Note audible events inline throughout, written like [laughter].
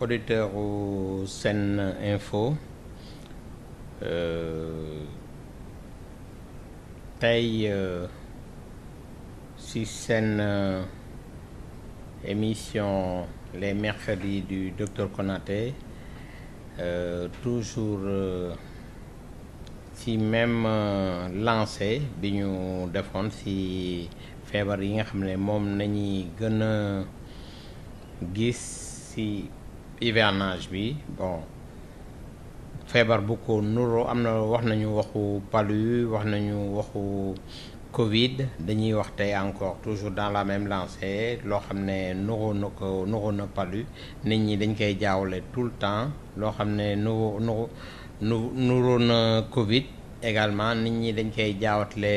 auditeur u Sene Info euh, tey euh, si seen euh, émission les mercredis du docteur Konaté euh, toujours euh, si même euh, lancé bi defoon si feebar yi nga xam ne moom nañuy gën a gis si hivernage bi bon feebar bu ko nuroo am na wax nañu waxu palu wax nañu waxu Covid dañuy wax tey encore toujours dans la même lancé loo xam ne nuroo na ko nuroo na palu nit ñi dañ koy jaawale tout le temps loo xam ne nuroo nuroo nuroo na Covid également nit ñi dañ koy jaawatle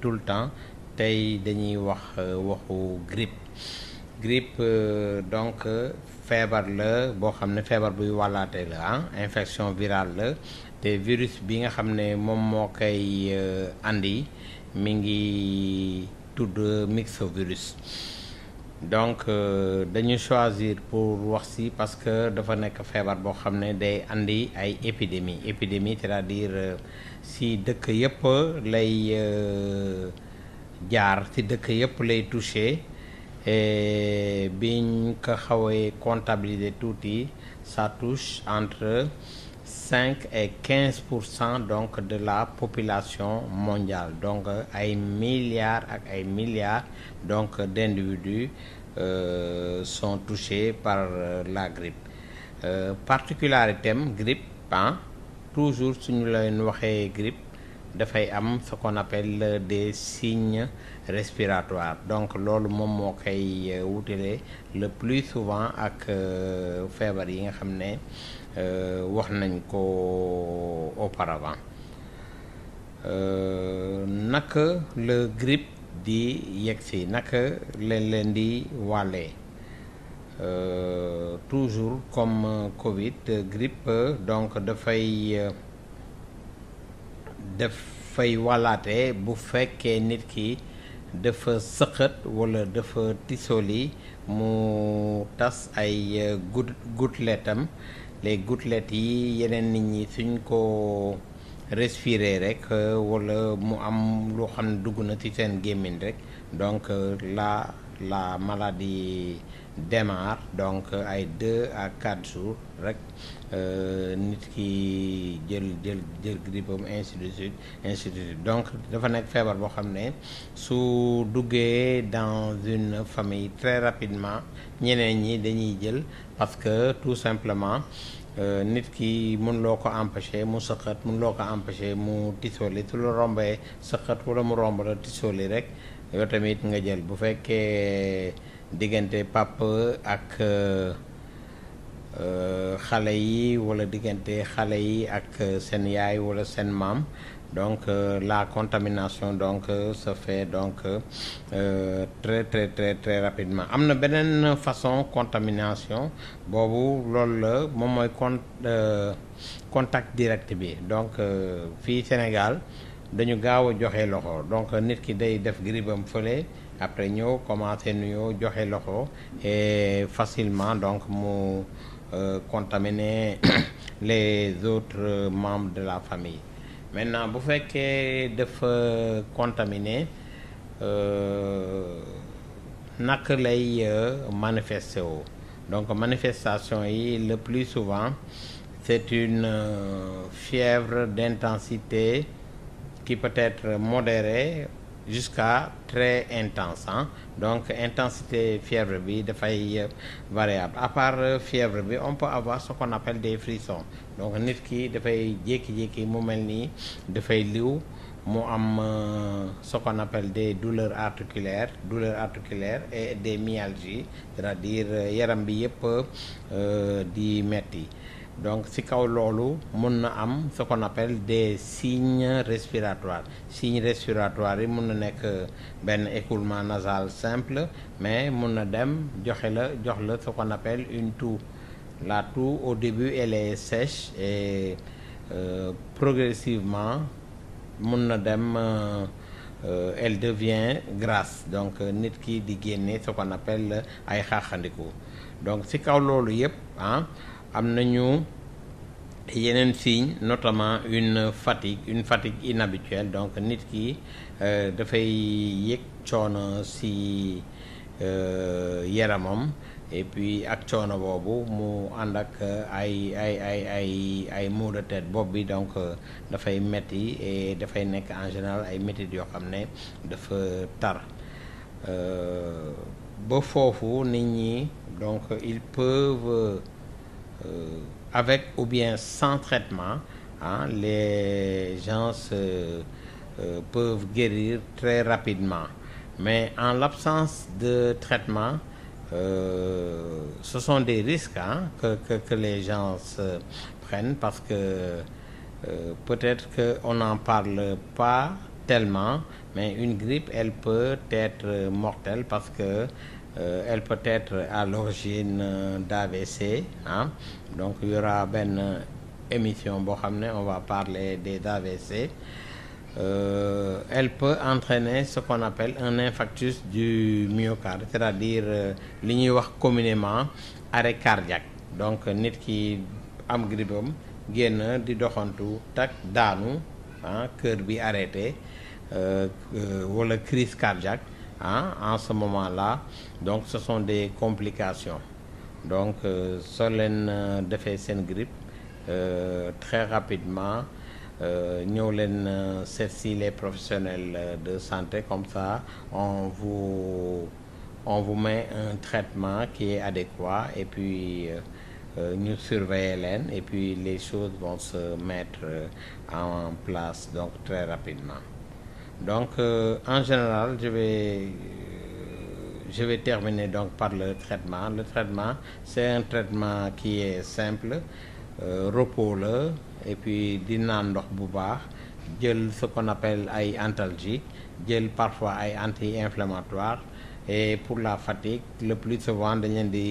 tout le temps tey dañuy wax euh, waxu grippe. grippe euh, donc euh, feebar la boo xam ne feebar buy wàllaate la ah infection virale la te virus bi nga xam ne moom moo koy euh, andi mi ngi tudd myxovirus donc dañu choisir pour wax si parce que dafa nekk feebar boo xam ne day andi ay épidémie épidémie c'est-à-dire si dëkk yëpp lay jaar si dëkk yëpp lay toucher et biñ ko xawee comptabiliser tuuti ça touche entre cinq et quinze pour cent donc de la population mondiale donc ay milliards ak ay milliards donc d'individus euh, sont touchés par euh, la grippe euh, particularité am grippe ah toujours suñu leen waxee grippe dafay am ce qu'on appelle des signes respiratoires donc loolu moom moo koy euh, wutale le plus souvent ak euh, feebar yi nga xam ne euh, wax nañ ko auparavant naka la grippe di yegsi naka len leen di wàllee toujours comme Covid grippe donc dafay dafay walaate bu fekkee nit ki dafa sëqat wala dafa tisoli mu tas ay euh, gut goutteletam les gouttelettes yi yeneen nit ñi suñ ko respirer rek euh, wala mu am loo xam ne dugg na ci seen gémmiñ rek donc euh, la la maladie démarre donc ay deux à quatre rek euh, nit ki jël jël jël grippam ainsi de donc dafa nekk feebar boo xam ne su duggee dans une famille très rapidement ñeneen ñi dañuy jël parce que tout simplement euh, nit ki mun loo ko empêcher mu sëqat mun loo ko empêcher mu tisoli su la rombee sëqat wala mu romb la tisoli rek yow tamit nga jël bu fekkee diggante Pape ak euh, xale yi wala diggante xale yi ak seen yaay wala seen maam donc euh, la contamination donc euh, se fait donc très très très très rapidement am na beneen façon contamination boobu loolu la moom mooy con contact direct bi donc fii Sénégal dañu gaaw a joxe loxo donc nit ki day def grippam fële. après ñëw commencé nuyoo joxe loxo et facilement donc mu euh, contaminer [coughs] les autres membres de la famille maintenant bu fekkee dafa contaminer euh, naka lay euh, manifesté woo donc manifestation yi le plus souvent c'est une euh, fièvre d'intensité qui peut être modérée jusqu'à très intense hein donc intensité fièvre bi dafay variable à part euh, fièvre bi on peut avoir ce qu'on appelle des frissons donc nit ki dafay jékki-jékki mu mel ni dafay liw mu am euh, ce qu'on appelle des douleurs articulaires douleurs articulaires et des myalgies c'est-à-dire euh, yaram bi yëpp di metti donc ci kaw loolu mun na am ce qu'on appelle des signes respiratoires signes respiratoires yi mun na nekk euh, benn écoulement nasal simple mais mun na dem joxe la jox la ce qu'on appelle une toux la tout au début elle est sèche et euh, progressivement mun na dem euh, Euh, elle devient grasse donc euh, nit ki di génne ce qu'on appelle euh, ay xaaxandiku donc ci kaw loolu yëpp ah am nañu yeneen signe notamment une fatigue une fatigue inhabituelle donc nit ki euh, dafay yëg coono ci euh, yaramam et puis ak coono boobu mu ànd ak euh, ay ay ay ay ay maux de bopp bi donc dafay metti et dafay nekk en général ay metit yoo xam ne dafa tar ba foofu nit ñi donc ils peuvent Euh, avec ou bien sans traitement hein, les gens se, euh, peuvent guérir très rapidement mais en l'absence de traitement euh, ce sont des risques hein, que, que, que, les gens se prennent parce que euh, peut-être qu'on n'en parle pas tellement, mais une grippe, elle peut être mortelle parce que Euh, elle peut être à l'origine euh, d'AVC ah donc il benn émission boo xam ne on va parler des AVC euh, elle peut entraîner ce qu'on appelle un infarctus du myocarde c'est-à-dire euh, li ñuy wax communément arrêt cardiaque donc nit ki am grippam génn di doxantu tak daanu ah cœur bi arrêté euh, wala crise cardiaque ah en ce moment-là donc ce sont des complications donc euh, soo leen euh, defee seen grippe euh, très rapidement ñëw leen seet si les professionnels de santé comme ça on vous on vous met un traitement qui est adéquat et puis ñu euh, leen et puis les choses vont se mettre en place donc très rapidement donc euh, en général je vais euh, je vais terminer donc par le traitement le traitement c'est un traitement qui est simple euh, repos la et puis di ndox bu baax jël ce qu'on appelle ay antalgique jël parfois ay anti-inflammatoire et pour la fatigue le plus souvent dañ leen di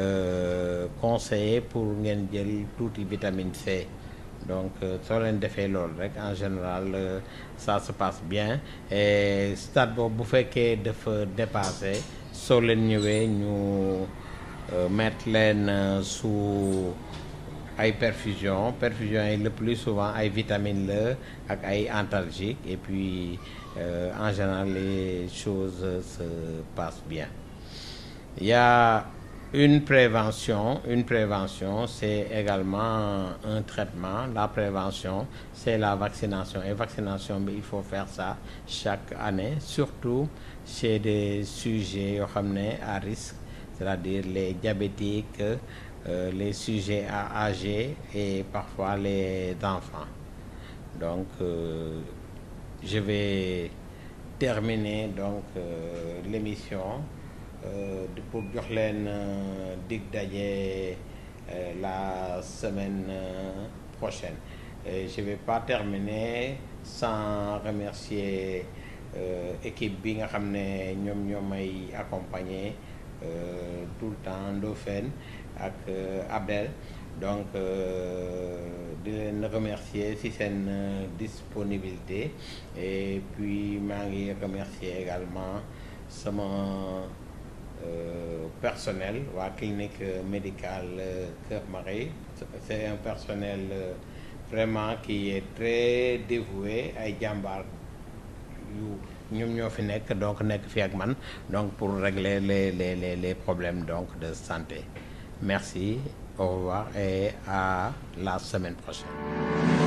euh, conseiller pour ngeen jël tuuti vitamine C donc euh, soo leen defee loolu rek en général euh, ça se passe bien e stade boobu bu fekkee dafa dépassé soo leen ñëwee ñu euh, mettre leen sous ay perfusion perfusion yi le plus souvent ay vitamines l ak ay antalgiques et puis euh, en général les choses se passent bien il une prévention une prévention c'est également un traitement la prévention c'est la vaccination et vaccination bi il faut faire ça chaque année surtout chez des sujets yoo xam ne à risque c'est-à-dire les diabétiques euh, les sujets à âge et parfois les enfants donc euh, je vais terminer donc euh, l'émission Euh, di pour jox leen euh, dig daje euh, la semaine prochaine et je vais pas terminer sans remercier équipe bi nga xam ne ñoom ñoo may accompagner tout le temps Ndofène ak Abdel donc di leen remercier ci seen disponibilité et puis maa ngi remercier également sama. Euh, personnel waa clinique euh, médicale Keur Marie c'est un personnel euh, vraiment qui est très dévoué ay jàmbar yu ñoom ñoo fi nekk donc nekk fi ak man donc pour régler les les les les problèmes donc de santé merci au revoir et à la semaine prochaine